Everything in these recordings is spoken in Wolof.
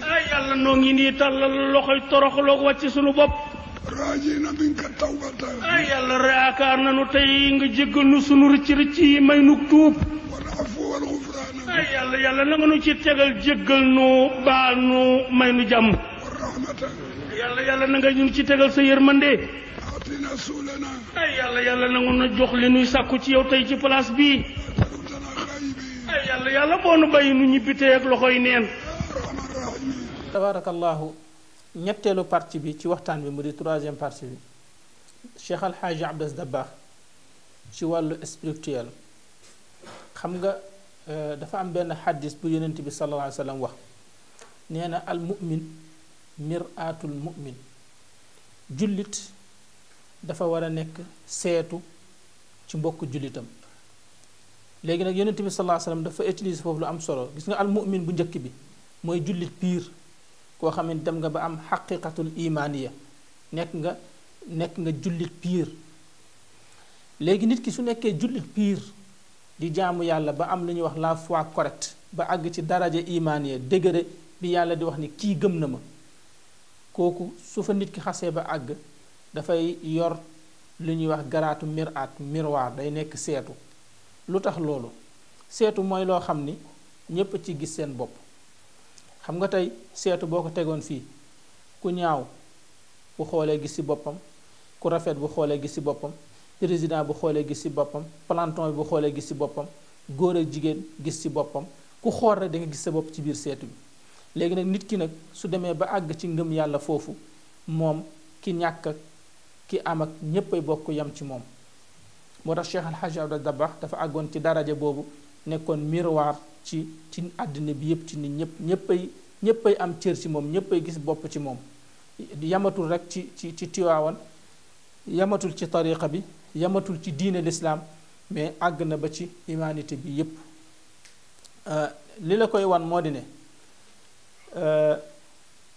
ay yàlla noo ngi nii tàllal loxoy toroxloog wàcc sunu bopp raaji na bi ay yàlla raakaar nanu tey nga jéggal nu sunu rëcc rëcc yi may nu tuub ay yàlla yàlla nu ci tegal jéggal nu baal nu may nu jàmm wal yàlla yàlla na nga ci tegal sa yërmande atina ay yàlla yàlla na nga nu jox li nuy sàkku ci yow tey ci place bii ay yàlla yàlla boo nu bàyyi nu ñibbitee ak loxoy neen tabarakallahu ñetteelu partie bi ci waxtaan bi mu di troisième partie bi Cheikh Al Hadj Abdas ci wàllu spirituel xam nga euh, dafa am benn xaddis bu yonent bi sallallahu wa wax nee na al mu'min miraatul mu'min jullit dafa war a nekk seetu ci mbokk jullitam léegi nag yonent bi sallallahu alayhi wa sallam dafa utiliser foofu lu am solo gis nga al bu njëkk bi mooy jullit piir koo xam ne dem nga ba am xaqiqatul imaaniya nekk nga nekk nga jullit piir léegi nit ki su nekkee jullit piir di jaamu yàlla ba am lu ñuy wax la fois correcte ba àgg ci daraja imaaniya degré bi yàlla di wax ni kii gëm na ma kooku su fa nit ki xasee ba àgg dafay yor lu ñuy wax garaatu miraat miroir day nekk seetu lu tax loolu seetu mooy loo xam ni ñépp ci gis seen bopp xam nga tey seetu boo ko tegoon fii ku ñaaw bu xoolee gis ci boppam ku rafet bu xoolee gis ci boppam résident bu xoolee gis ci boppam planton bi bu xoolee gis ci boppam góor ak jigéen gis ci boppam ku xool rek da nga gis sa bopp ci biir seetu bi léegi nag nit ki nag su demee ba àgg ci ngëm yàlla foofu moom ki ñàkk ak ki am ak ñépp ay bokk yam ci moom moo tax Cheikh Al Hadj Abdou dafa àggoon ci daraja boobu nekkoon miroir ci ci àddina bi yëpp ci nit ñëpp ñëppay ñëppay am cër ci moom ñëppay gis bopp ci moom yamatul rek ci ci ci tiwaawan yamatul ci tariqa bi yamatul ci diine lislaam mais àgg na ba ci humanité bi yëpp euh, li la koy wan moo di ne euh,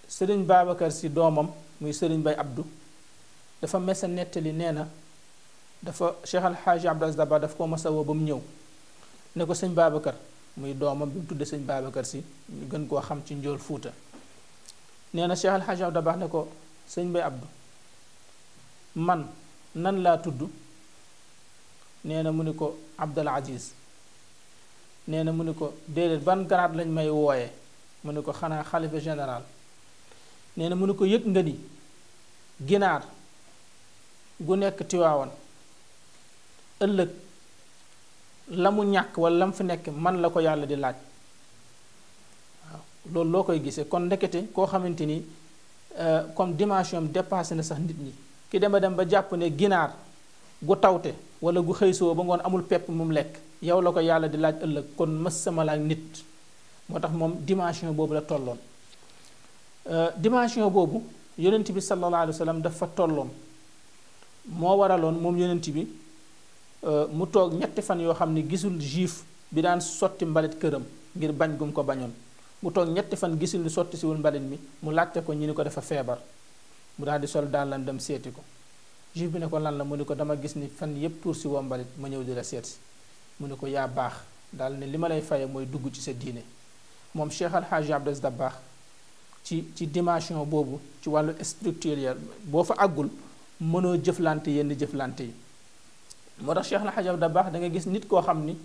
sëriñ Babacar si doomam muy sëriñ Bay Abdu dafa mes a nettali nee na dafa Cheikh Alxaaji Abdou Aziz Dabakh daf ko mas a ba mu ñëw ne ko sëñ Babacar muy doomam bi mu tudde sëñ Babacar si ñu gën koo xam ci njool fuuta nee na Cheikh El Hadj Abdou ne ko sëñ Bay Abdou man nan laa tudd nee na mu ni ko Abdul Aziz nee na mu ni ko déedéet ban garaat lañ may wooye mu ne ko xanaa xalifa général nee na mu ne ko yëg nga ni ginaar gu nekk Tiwaawan ëllëg la mu ñàkk wala la mu fi nekk man la ko yàlla di laaj waaw loolu loo koy gisee kon ndekete koo xamante ni euh, comme dimension am na sax nit ñi ki dema dem ba jàpp ne ginaar gu tawte wala gu xëy xëysoo ba ngoon amul pepp mu lekk yow la ko yàlla di laaj ëllëg kon ma sama laaj nit moo tax moom dimension boobu la tolloon euh, dimension boobu yonent bi sallallahu alayhi wa sallam dafa tolloon moo waraloon moom yonent bi Euh, mu toog ñetti fan yoo xam ne gisul juif bi daan sotti mbalit këram ngir bañ gum ko bañoon mu toog ñetti fan gisul ni sotti siwul mbalit mi mu laajte ko ñu ni ko dafa feebar mu daal di sol daal lan dem seeti ko juif bi ne ko lan la mu ni ko dama gis ni fan yépp tuur si woo mbalit ma ñëw di la seet si mu ni ko yaa baax daal ne li ma lay faye mooy dugg ci sa diine moom Cheikh Al Hadj Abdes da baax ci ci dimension boobu ci wàllu structurel boo fa àggul mënoo jëflante yenn jëflante yi moo tax Cheikh Al Hadj Abdou Dabakh da gis nit koo xam ni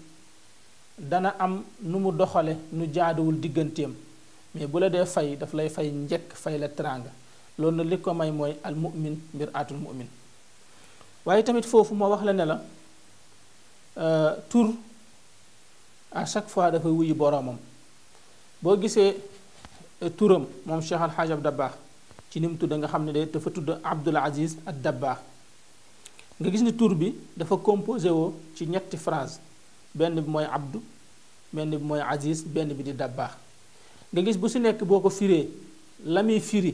dana am nu mu doxale nu jaaduwul digganteem mais bu la dee fay daf lay fay njëkk fay la teraanga loolu na li ko may mooy al mu'min mbir aatul mu'min waaye tamit foofu moo wax la ne la euh, tur à chaque fois dafa wuyu boroomam boo gisee euh, turam moom Cheikh Al Hadj Abdou ci ni mu tudd nga xam ne de dafa tudd Abdoul Aziz ad Dabakh nga gis ne tur bi dafa composé woo ci ñetti france benn bi mooy abdu benn bi mooy aziz benn bi di dabbaax nga gis bu si nekk boo ko firee la muy firi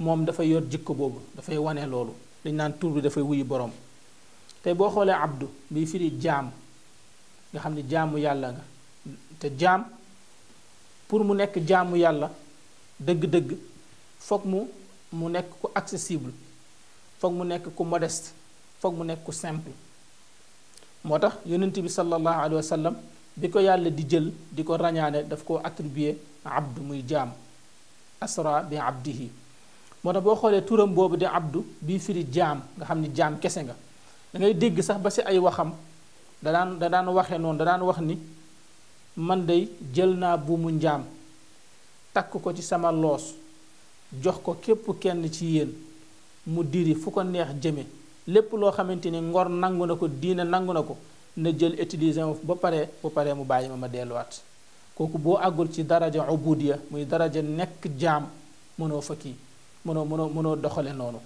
moom dafay yor jikko boobu dafay wane loolu dañ naan tur bi dafay wuyu borom tey boo xoolee abdu bi firi jaam nga xam ne jaamu yàlla nga te jaam pour mu nekk jaamu yàlla dëgg-dëgg foog mu mu nekk ku accessible foog mu nekk ku modeste foog mu nekk ku simple moo tax yonent bi sallallahu alayhi wa bi ko yàlla di jël di ko ràññaane daf koo attribué abdu muy jaam asra bi abdihi moo tax boo xoolee turam boobu di abdu bii firi jaam nga xam ni jaam kese nga dangay dégg sax ba ci ay waxam da daan da daan waxe noonu da daan wax ni man day jël naa buumu njaam takk ko ci sama loos jox ko képp kenn ci yéen mu diri fu ko neex jëme lépp loo xamante ni ngor nangu na ko diina nangu na ko na jël utiliser ba pare bu paree mu bàyyi ma ma delluwaat kooku boo àggul ci daraja ubudiya muy daraja nekk jaam mënoo fa kii mënoo mënoo mënoo doxale noonu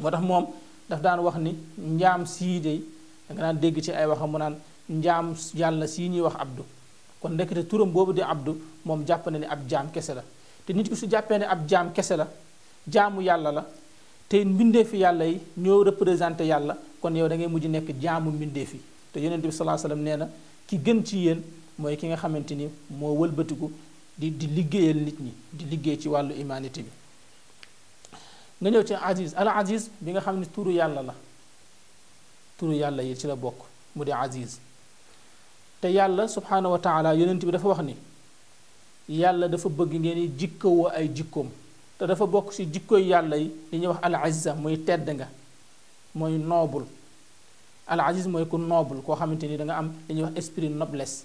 moo tax moom daf daan wax ni njaam sii de da daan dégg ci ay waxam mu naan njaam yàlla sii ñuy wax abdu kon ndekete turam boobu di abdu moom jàpp na ni ab jaam kese la te nit ki su jàppee ne ab jaam kese la jaamu yàlla la te mbindeefi yàlla yi ñoo représenté yàlla kon yow dangay ngay nekk jaamu mbindeef yi te yonent bi salaa sallam nee na ki gën ci yéen mooy ki nga xamante ni moo wëlbatiku di di liggéeyal nit ñi di liggéey ci wàllu humanité bi nga ñëw ci aziz al aziz bi nga xam ne turu yàlla la turu yàlla yi ci la bokk mu de aziz te yàlla subhaanahu wa taala yonent bi dafa wax ni yàlla dafa bëgg ngeen di jikkawoo ay jikkoom te dafa bokk ci jikkoy yàlla yi li ñuy wax al azza muy tedd nga mooy noble al aziz mooy ku noble koo xamante ni da nga am li ñuy wax esprit noblesse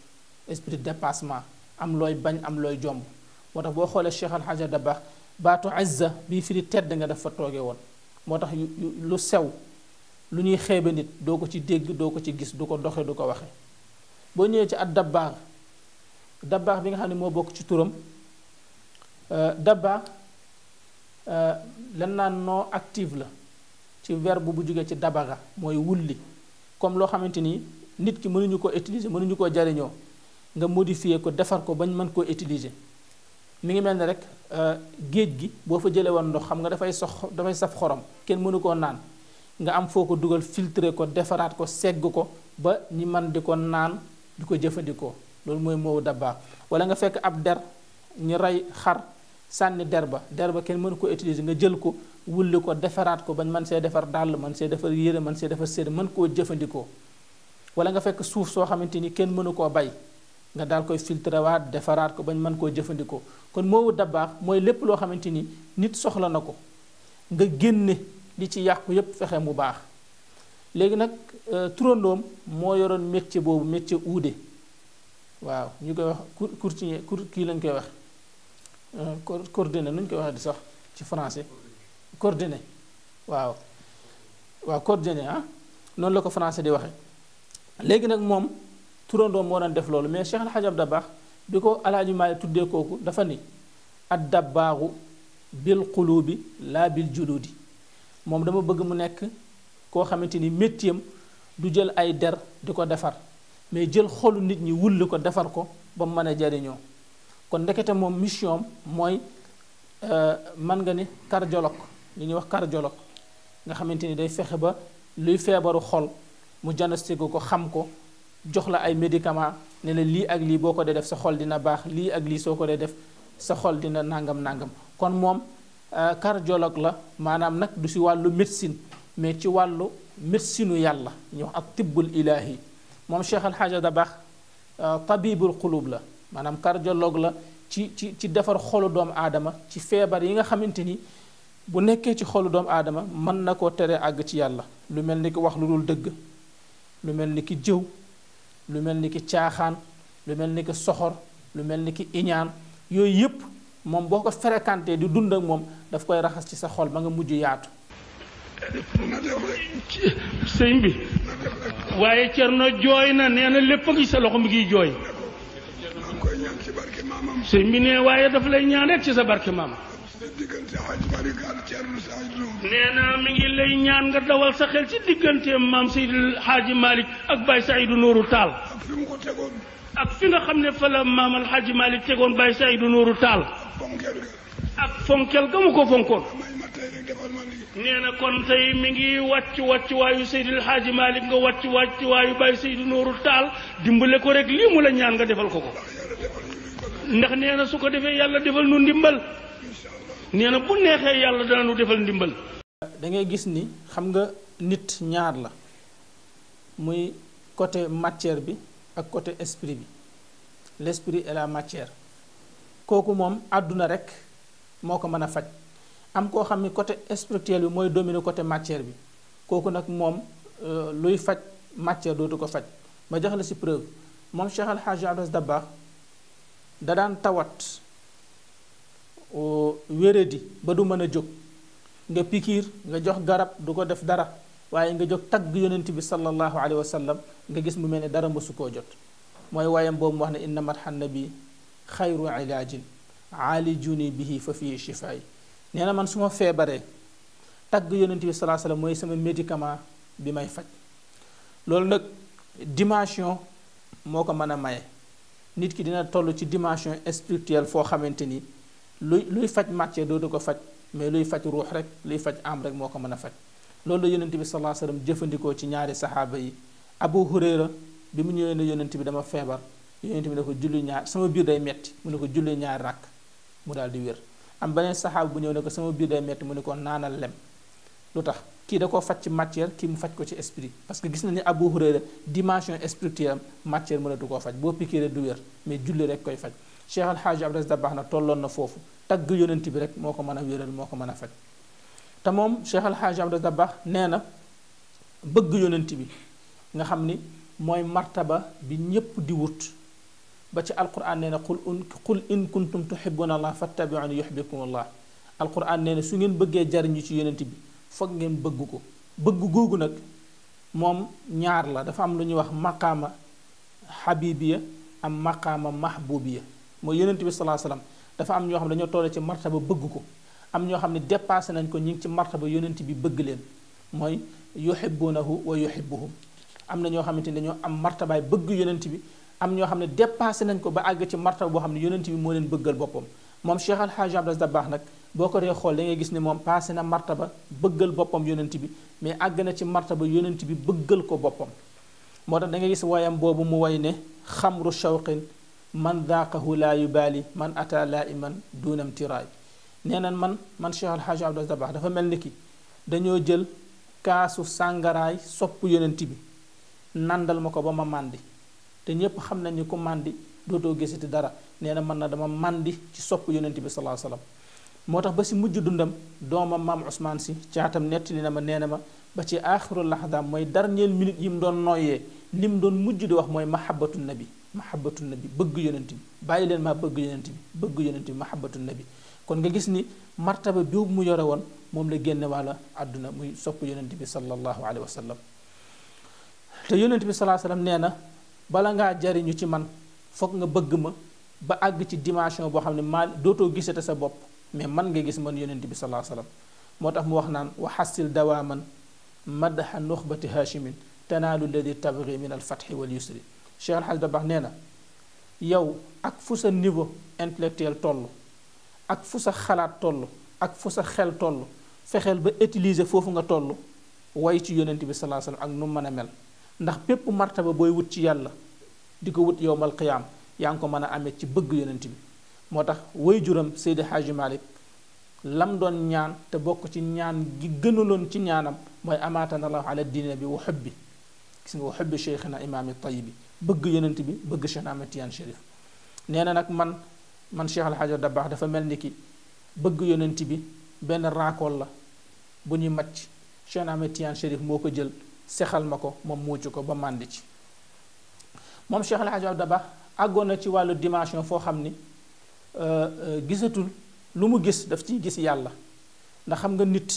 esprit dépassement am looy bañ am looy jomb moo tax boo xoolee Cheikh Al Hadj Dabakh baatu azza bii firi tedd nga dafa tooge woon moo tax lu sew lu ñuy xeebe nit doo ko ci dégg doo ko ci gis du ko doxe du ko waxe boo ñëwee ci at dabbaax dabbaax bi nga xam ne moo bokk ci turam euh, dabbaax Euh, lan naan non active la ci verbe bu jógee ci dabaga mooy wulli comme loo xamante ni nit ki mënuñu ko utiliser mënuñu koo jariñoo nga modifier ko defar ko bañ mën koo utiliser mi ngi mel ni rek euh, géej gi boo fa jëlee woon ndox xam nga dafay sox dafay saf xorom kenn mënu koo naan nga am foo ko dugal filtre ko defaraat ko segg ko ba ñi man di ko naan di ko jëfandikoo loolu mooy moowu dabaa wala nga fekk ab der ñu rey xar sànni derba derba kenn mënu ko utiliser nga jël ko wulli ko defaraat ko bañ man see defar dàll man see defar yére man see defar sédd mën koo jëfandikoo wala nga fekk suuf soo xamante ni kenn mënu koo bay nga daal koy filtrewaat defaraat ko bañ mën koo jëfandikoo kon da dabaax mooy lépp loo xamante ni nit soxla na ko nga génne li ci yàqu yépp fexe mu baax léegi nag euh, turandoom moo yoroon métier boobu métier uude waaw ñu koy wax courtier kii lañ koy wax Euh, coordonné nu ñu koy waxee di sax ci français coordonné waaw waaw coordonné ah noonu la ko français di waxe léegi nag moom turandoom moo doon def loolu mais Cheikh Al Hadj Abdou Dabakh bi ko alaaji Maalik tuddee kooku dafa ni ad dabbaaxu bil xuluubi laa bil juluudi moom dama bëgg mu nekk koo xamante ni métier am du jël ay der di ko defar mais jël xolu nit ñi wulli ko defar ko ba mu mën a jariñoo kon moom mission mooy euh, man nga ni cardiologue li ñuy wax cardiologue nga xamante ni day fexe ba luy feebaru xol mu diagnostiqué ko xam ko jox la ay médicament ne la lii ak lii boo ko dee def sa xol dina baax lii ak lii soo ko dee def sa xol dina nangam nangam kon moom euh, cardiologue la maanaam nag du si wàllu médecine mais ci wàllu médecinu yàlla ñu wax ak tibbul ilaahi moom Cheikh Al Hadj Dabakh euh, tabibul qulub la. maanaam karjoloog la ci ci ci defar xolu doomu aadama ci feebar yi nga xamante ni bu nekkee ci xolu doomu aadama mën na koo tere àgg ci yàlla lu mel ni ki wax lu dul dëgg lu mel ni ki jëw lu mel ni ki caaxaan lu mel ni ki soxor lu mel ni ki iñaan yooyu yépp moom boo ko fréquenté di dund ak moom daf koy raxas ci sa xol ba nga mujj yaatu sëñ bi waaye Cerno jooy na nee lépp a ngi sa loxo mi ngi jooy koy ñaan waaye daf lay ñaan rek ci sa barke maamam. nee mi ngi lay ñaan nga dawal sa xel ci digganteem maam Seydil Hadji Malick ak Baye Seydou Nourou ak fi mu ko tegoon. ak fi nga xam ne fa la maam El Hadji Malick tegoon Baye Seydou Nourou Tall. ak fonkel ga mu ko fonkoon. nee na kon tey mi ngi wàcc wàcc waayu Seydil Hadji Malick nga wàcc wàcc waayu Baye Seydou dimbale ko rek lii mu la ñaan nga defal ko ko. ndax nee na su ko defee yàlla defal nu ndimbal nee na bu neexee yàlla dana nu defal ndimbal. da ngay gis ni xam nga nit ñaar la muy côté matière bi ak côté esprit bi l'esprit et la matière kooku moom àdduna rek moo ko mën a faj am koo xam ni côté spirituel bi mooy dominer côté matière bi kooku nag moom euh, luy faj matière dootu ko faj ma jox la ci preuve moom Cheikh Al Hadj Abdou Dabakh da daan tawat wéradi ba du mën a jóg nga pikiir nga jox garab du ko def dara waaye nga jóg tagg yonent bi sallallahu alayhi wa sallam nga gis mu mel ne dara mësu koo jot mooy wayam boobu mu wax ne inna matxan nabi xayru ilaajin aalijuni bihi fa fii shifaay nee na man su ma feebaree tagg yonent bi sallallahu alayhi mooy sama médicament bi may faj loolu nag dimension moo ko mën a maye nit ki dina toll ci dimension spirituelle foo xamante ni luy luy faj matière du ko faj mais luy faj ruux rek luy faj am rek moo ko mën a faj loolu la yonent bi sallallahu alayhi wasallam jëfandikoo ci ñaari saxaaba yi Abu Hurayra bi mu ñëwee ne yonent bi dama feebar yonent bi ne ko julli ñaar sama biir day metti mu ne ko julli ñaari rakk mu daal di wér am beneen saxaaba bu ñëw ne ko sama biir day metti mu ne ko naanal lem lu tax kii da koo faj ci matière kii mu faj ko ci esprit parce que gis na ni Abu Hurayra dimension spirituelle matière mënatu koo faj boo piqûre du wér mais julli rek koy faj Cheikh Al Hadj Abdou na tolloon na foofu tagg yonent bi rek moo ko mën a wéral moo ko mën a faj te moom Cheikh Al Hadj Abdou nee na bëgg yonent bi nga xam ni mooy martaba bi ñépp di wut ba ci alquran nee na xul un qul in kuntum tuhibbuna allah fattabiuni yuhibbukum allah alquran nee na su ngeen bëggee jariñu ci yonent bi foog ngeen bëgg ko bëgg googu nag moom ñaar la dafa am lu ñuy wax maqaama xabibiya am maqaama mahbubiya mooy yonent bi salaa salaam dafa am ñoo xam ne dañoo toll ci martaba bëgg ko am ñoo xam ne dépassé nañ ko ñu ngi ci martaba yonent bi bëgg leen mooy yuhibbunahu wa yuhibbuhum am na ñoo xamante ni dañoo am martabaay bëgg yonent bi am ñoo xam ne dépassé nañ ko ba àgg ci martaba boo xam ne yonent bi moo leen bëggal boppam moom Cheikh Al Hadj da baax nag boo ko dee xool da ngay gis ni moom paase na marta ba bëggal boppam yonent bi mais àgg na ci martaba yonent bi bëggal ko boppam moo tax da ngay gis wayam boobu mu way ne xamru shawqin man daaqahu laa yubaali man ata laa iman duunam tiraay nee na man man Cheikh Al Hadj Abdou dafa mel ni ki dañoo jël kaasu sàngaraay sopp yonent bi nàndal ma ko ba ma màndi te ñépp xam nañ ni ku màndi dootoo gisati dara nee na man na dama màndi ci sopp yonent bi sallallahu alayhi moo tax ba si mujj dundam doomam maam Ousmane si caatam nettali na ma nee na ma ba ci aaxiru laxdaam mooy dernière minute yi mu doon nooyee li mu doon mujj di wax mooy mahabbatu nabi mahabbatu nabi bëgg yonent bi bàyyi leen maa bëgg yonent bi bëgg yonent bi mahabbatu nabi kon nga gis ni martaba boobu mu yore woon moom la génne wàlla àdduna muy sopp yonent bi sallallahu alayhi wa sallam te yonent bi salaa sallam nee na bala ngaa jariñu ci man foog nga bëgg ma ba àgg ci dimension boo xam ne maa dootoo gisate sa bopp mais man nga gis man yonent bi salaa salaam moo tax mu wax naan waxasil dawaaman madaxa nuxbati haashimin tanaalu ladi tabri min al fatxi wal yusri Cheikh Alxaj Dabax nee na yow ak fu sa niveau intellectuel toll ak fu sa xalaat toll ak fu sa xel toll fexeel ba utiliser foofu nga toll way ci yonent bi salaa salaam ak nu mën a mel ndax bépp martaba booy wut ci yàlla di ko wut yowmal qiyaam yaa ngi ko mën a amee ci bëgg yonent bi moo tax way juram Seydi Hadji Malick lam doon ñaan te bokk ci ñaan gi gënuloon ci ñaanam mooy amaatana allahu ala diine bi wa xubbi gis nga wa xubbi cheikhina imaami tayibi bëgg yonent bi bëgg Cheikh Ahmed Tidiane Chérif nee na nag man man Cheikh Al Hadj dafa mel ni ki bëgg yonent bi benn raakool la bu ñuy màcc Cheikh Ahmed Tidiane moo ko jël seexal ma ko moom muucu ko ba màndi ci moom Cheikh Al Hadj àggoon na ci wàllu dimension foo xam ni Euh, euh, gisatul lu mu gis daf ciy gis yàlla ndax xam nga nit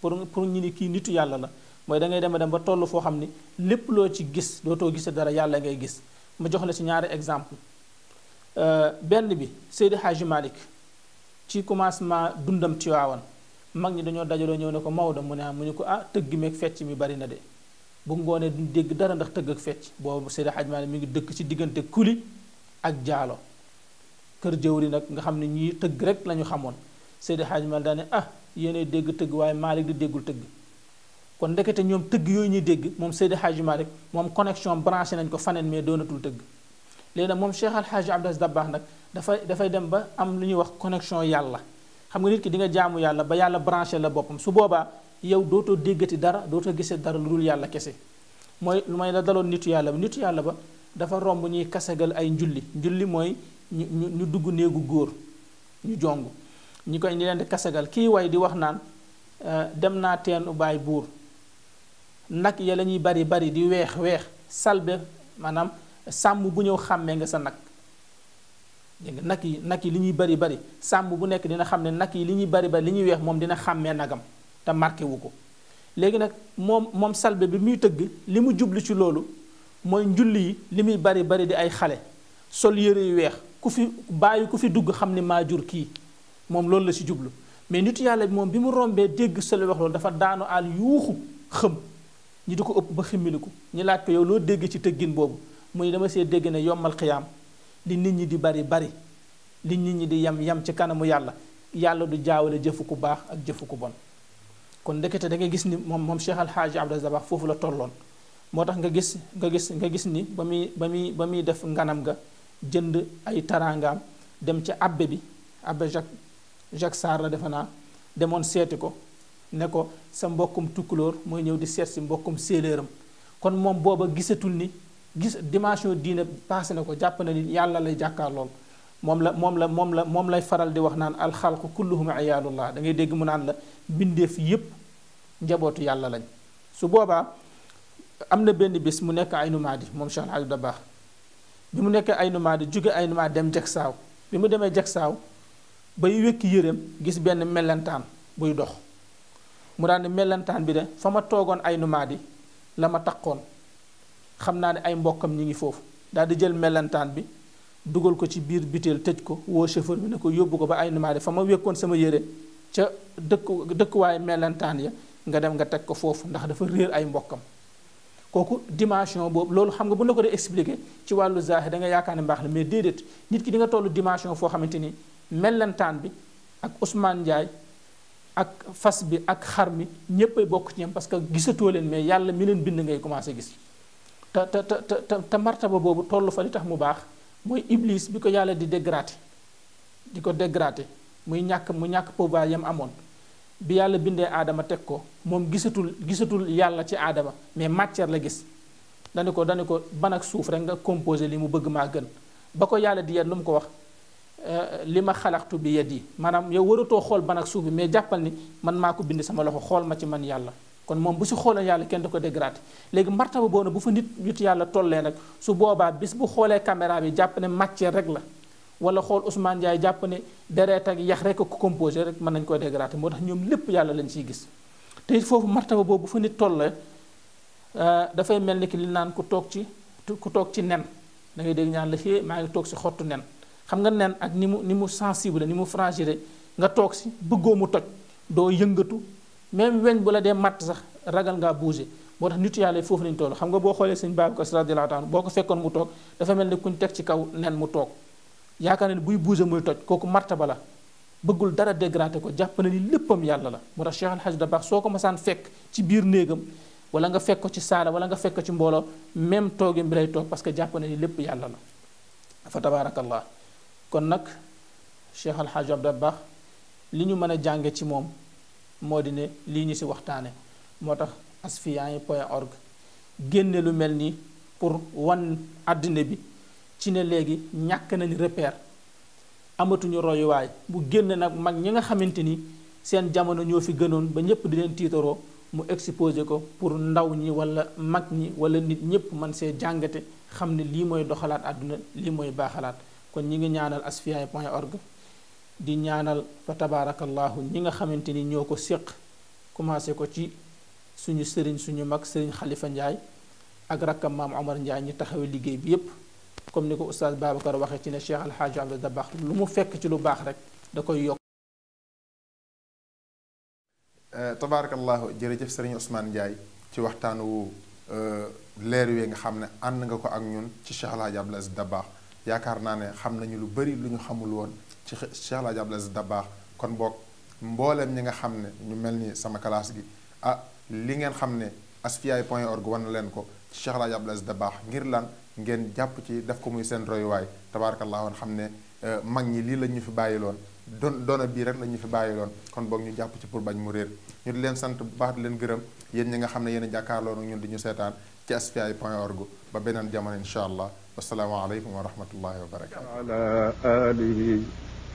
pour pour ñu ni kii nitu yàlla la mooy da ngay dem dem ba toll foo xam ni lépp loo ci gis dootoo gise dara yàlla ngay gis ma jox la ci ñaari exemple euh, benn bi Seydi Hadji ci commencement dundam Tiwaawan mag ñi dañoo dajaloo ñëw ne ko Maodo mu ne ah mu ne ko ah tëgg meeg fecc mi bari na de bu ngoonee duñ dégg dara ndax tëgg ak fecc boobu Seydi Hadji Malick mi ngi dëkk ci diggante kuli ak jaalo kër jëwri nag nga xam ne ñii tëgg rek la ñu xamoon Seydi Hadj Mal daane ah yéenay dégg tëgg waaye Malick di déggul tëgg kon ndekete ñoom tëgg yooyu ñuy dégg moom Seydi Hadj Malick moom connexion branché nañ ko faneen mais doonatul tëgg léegi nag moom Cheikh Al Hadj Abdas Dabakh nag dafay dafay dem ba am lu ñuy wax connexion yàlla xam nga nit ki di nga jaamu yàlla ba yàlla branché la boppam su boobaa yow dootoo déggati dara dootoo gisee dara lu yàlla kese mooy lu may la daloon nitu yàlla ba nitu yàlla ba dafa romb ñuy kasagal ay njulli njulli mooy ñu ñu dugg néegu góor ñu jong ñi koy ñi leen di kasagal kii way di wax naan euh, dem naa teenu baay buur nag ya la ñuy bari bari di weex weex salbe maanaam sàmm bu ñëw xàmmee nga sa nag dégg nga nag yi nag yi li ñuy bari bari sàmm bu nekk dina xam ne nag yi li ñuy bari bari li ñuy weex moom dina xàmmee nagam te marqué wu ko léegi nag moom moom salbe bi muy tëgg li mu jublu ci loolu mooy njulli yi li muy bari bari di ay xale sol yére yu weex ku fi bàyyi ku fi dugg xam ni maa jur kii moom loolu la si jublu mais nit yàlla bi moom bi mu rombee dégg sole wax loolu dafa daanu àll yuuxu xëm ñi di ko ëpp ba ximmiliku ñi laaj ko yow loo dégg ci tëggin boobu mu ne dama see dégg ne yombal xiyaam li nit ñi di bari bari li nit ñi di yam yam ci kanamu yàlla yàlla du jaawale jëfu ku baax ak jëfu ku bon kon ndekete da nga gis ni moom moom Cheikh Alhaaji Abdou Dabakh foofu la tolloon moo tax nga gis nga gis nga gis ni ba muy ba muy ba muy def nganam ga jënd ay taraangaam dem ci abbe bi abbe Jacques Jacques Sarr la defe naa demoon seeti ko ne ko sa mbokkum tukkulóor mooy ñëw di seet si mbokkum séeléeram kon moom booba gisatul ni gis dimension diine paase na ko jàpp na ni yàlla lay jàkkaarlool moom la moom la moom la moom lay faral di wax naan alxalqu kulluhum iyaalullah da ngay dégg mu naan la mbindeef yépp njabootu yàlla lañ su boobaa am na benn bis mu nekk ay numaadi moom Cheikh Al Hadj baax bi mu nekkee ay numaa di jóge ay numaa dem jag saaw bi mu demee jag saaw bay wékk yéreem gis benn mellentaan buy dox mu daan ne mellantaan bi de fa ma toogoon ay numaa di la ma takkoon xam naa ni ay mbokkam ñi ngi foofu daal di jël mellentaan bi dugal ko ci biir butéel tëj ko woo chauffeur bi ne ko yóbbu ko ba ay numaa di fa ma wékkoon sama yére ca dëkk dëkkuwaayu mellantaan ya nga dem nga teg ko foofu ndax dafa réer ay mbokkam kooku dimension boobu loolu xam nga bu la ko dee expliqué ci wàllu zaaxir da yaakaar ne mbaax la mais déedéet nit ki di tollu toll dimension foo xamante ni bi ak Ousmane Ndiaye ak fas bi ak xar mi ñéppay bokk ci parce que gisatoo leen mais yàlla mi leen bind ngay commencé gis te te te te te martaba boobu toll fa li tax mu baax mooy iblis bi ko yàlla di dégraté di ko dégraté muy ñàkk mu ñàkk pouvoir yam amoon bi yàlla bindee aadama teg ko moom gisatul gisatul yàlla ci aadama mais matière la gis dani ko dani ko ban ak suuf rek nga composé li mu bëgg maa gën ba ko yàlla di yet lu mu ko wax euh, li ma xalaxtu bi yet yi maanaam yow waratoo xool ban ak suuf bi mais jàppal ni man maa ko bind sama loxo xool ma ci man yàlla kon moom bu si xoolee yàlla kenn da ko dégradé léegi martaba boobu bu fa nit nit yàlla tollee nag su boobaa bis bu xoolee caméra bi jàpp ne matière rek la wala xool Ousmane Ndiaye jàpp ne deret ak yax rek ko composé rek mën nañ koy dégrader moo tax ñoom lépp yàlla lañ ciy gis te it foofu martaba boobu fa nit toll euh, dafay mel ni ki li naan ku toog ci ku toog ci nen da ngay dégg ñaan la maa ngi toog si xottu nen xam nga ak ni mu ni mu sensible ni mu fragile nga toog si bëggoo mu toj doo yëngatu même weñ bu la sax ragal ngaa bouger moo tax nitu yàlla foofu xam nga boo xoolee sëñ Babacar boo ko fekkoon mu toog dafa mel ni kuñ teg ci kaw nen mu toog yaakaar na ne buy buuse muy toj kooku marta ba la bëggul dara dégradé ko jàpp na ni léppam yàlla la moo tax Cheikh Alhaji Dabakh soo ko masaan fekk ci biir néegam wala nga fekk ko ci saala wala nga fekk ko ci mbooloo même toogim bi lay toog parce que jàpp na ni lépp yàlla la fa tabaarakallah kon nag Cheikh Alhaji Dabakh li ñu mën a jànge ci moom moo di ne lii ñu si waxtaane moo tax asfiyahi point org génne lu mel nii pour wan àddina bi ci ne léegi ñàkk nañu repère amatuñu royuwaay bu génn nag mag ñi nga xamante ni seen jamono ñoo fi gënoon ba ñëpp di leen tiitaroo mu exposé ko pour ndaw ñi walla mag ñi wala nit ñëpp man see jàngate xam ne lii mooy doxalaat àdduna lii mooy baaxalaat kon ñi ngi ñaanal asfiyahi point org di ñaanal fa tabaarakallaahu ñi nga xamante ni ñoo ko séq commencé ko ci suñu sëriñ suñu mag sëriñ xalifa njaay ak rakkam maam omar njaay ñu taxawee liggéey bi yépp comme ni ko oustaz Babacar waxee ci ne Cheikh Al Hadj Abdou Dabakh lu mu fekk ci lu baax rek da koy yokk. Eh, tabaarakallaahu jërëjëf sëriñ Ousmane Ndiaye ci waxtaan wu eh, leer wee nga xam ne ànd nga ko ak ñun ci Cheikh Al Hadj Abdou Aziz Dabakh yaakaar naa ne xam nañu lu bari lu ñu xamul woon ci Cheikh Al Hadj Abdou Aziz Dabakh kon book mbooleem ñi nga xam ne ñu mel ni sama classe gi ah li ngeen xam ne asfiyahi point org wan na leen ko ci Cheikh Al Hadj Abdou Aziz Dabakh ngir lan. ngeen jàpp ci def ko muy seen royuwaay tabaarakallah woon xam ne euh, mag ñi lii la ñu fi bàyyiloon don doona bii rek la ñu fi bàyyiloon kon boog ñu jàpp ci pour bañ mu réer ñu di leen sant bu baax di leen gërëm yen ñi nga xam ne yéen a jàkkaarloo nag ñun di ñu seetaan ci asfiyahi point org ba beneen jamono incha allah wasalaamualeykum wa rahmatullahi wa barakatu ala alihi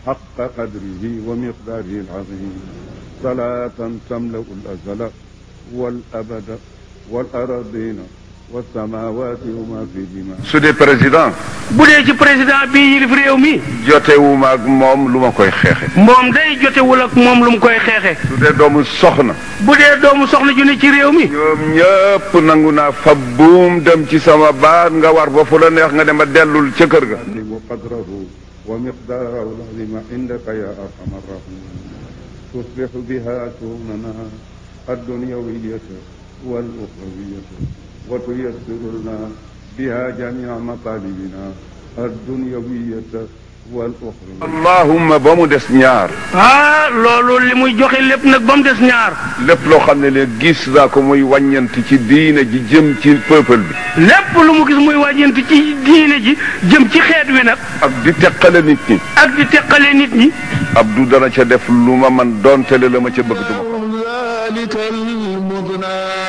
haqa qadrihi wa miqdarihi alazim salatan tamlau al azala wal abada wal aradina su dee président. bu dee ci président bi yilif réew mi. jotewuma ak moom lu ma koy xeexe. moom day jotewul ak moom lu mu koy xeexe. su dee doomu soxna. bu dee doomu soxna ju ne ci réew mi. ñoom ñëpp nangu naa fa buum dem ci sama baat nga war ba fu la neex nga dem a dellul ca kër ga. tuslihu biha shu'unana ad-dunyawiyya wal-ukhrawiyya وتيسرنا بها جميع مطالبنا الدنيوية والأخرى اللهم ba mu des ñaar ah loolu li muy joxe lépp nag ba mu des ñaar lépp loo xam ne le gis naa ko muy wàññant ci diine ji jëm ci peuple bi lépp lu mu gis muy wàññant ci diine ji jëm ci xeet wi nag ak di teqale nit ñi ak di teqale nit ñi Abdou dana ca def lu ma man doontele la ma ca bëgg duma